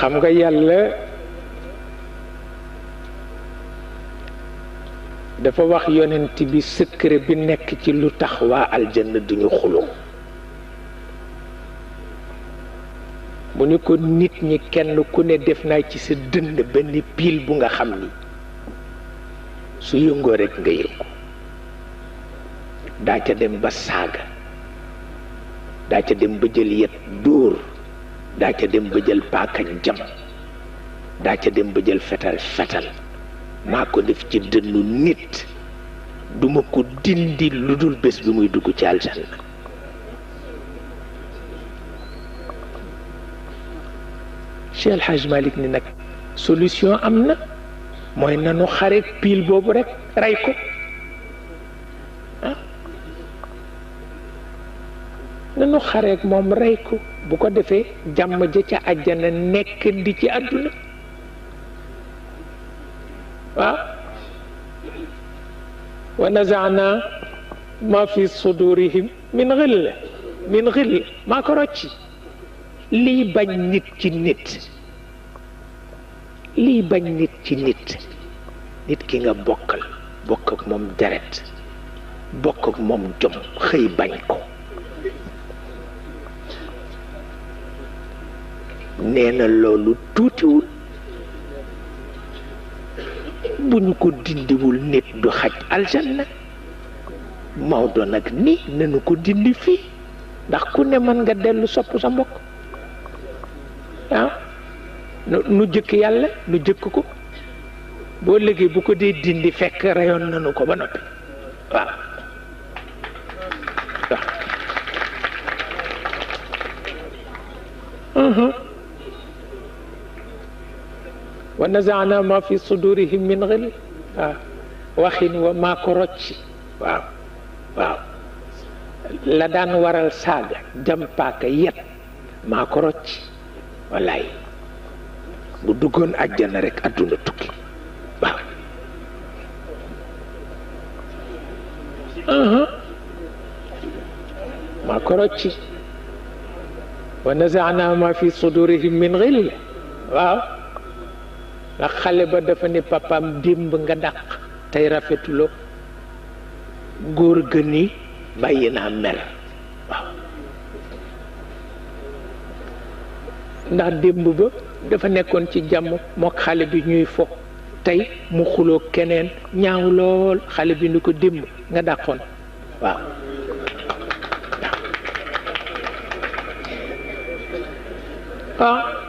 xam nga yàlla dafa wax yonent bi secret bi nekk ci lu tax waa aljanna duñu xuloo mu ni ko nit ñi kenn ku ne def naa ci sa dënd benn piil bu nga xam ni su yëngoo rekk nga yëngu daa ca dem ba saaga daa ca dem ba jël yet dóor daa ca dem ba jël paaka daa ca dem ba jël fetal fetal maa ko def ci dënnu nit duma ko dindi lu dul bés bi muy dugg ci aljanna Cheikh El Hadj Malick ni nag solution am na mooy nanu xare piil boobu rek rey ko ah. nanu xareek moom rey ko bu ko defee jàmm ja ca àjjana nekk di ci àdduna waaw wa nazana ma fi sudurihim min xill min xill maa ko rocci lii bañ nit ci nit lii bañ nit ci nit nit ki nga bokkal bokk ak moom deret bokk ak moom jom xëy bañ ko nee na loolu tuutiwul bu ñu ko dindiwul nit du xaj aljanna Maodo nag ni nanu ko dindi fii ndax ku ne mën nga dellu sopp sa mbokk waaw ah, nu jëkk yàlla nu jëkk ko boo léegi bu ko dee dindi fekk reyoon nanu ko ba noppi waaw waaw mhm. ونزعنا ما في صدورهم من غل وخن آه. وما كرتشي واو واو لا دان ورال ساغا جام باك يت ما كرتشي والله بو دوغون رك ادونا توكي واو اها ما كرتشي ونزعنا ما في صدورهم من غل واو ndax xale ba dafa ne papaam dimb nga dàq tey rafetuloo góor gëni bàyyi naa mer waaw ndax démb ba dafa nekkoon ci jàmm mook xale bi ñuy fo tey mu xuloo keneen ñaaw lool xale bi nu ko démb nga dàqoon waaw ah.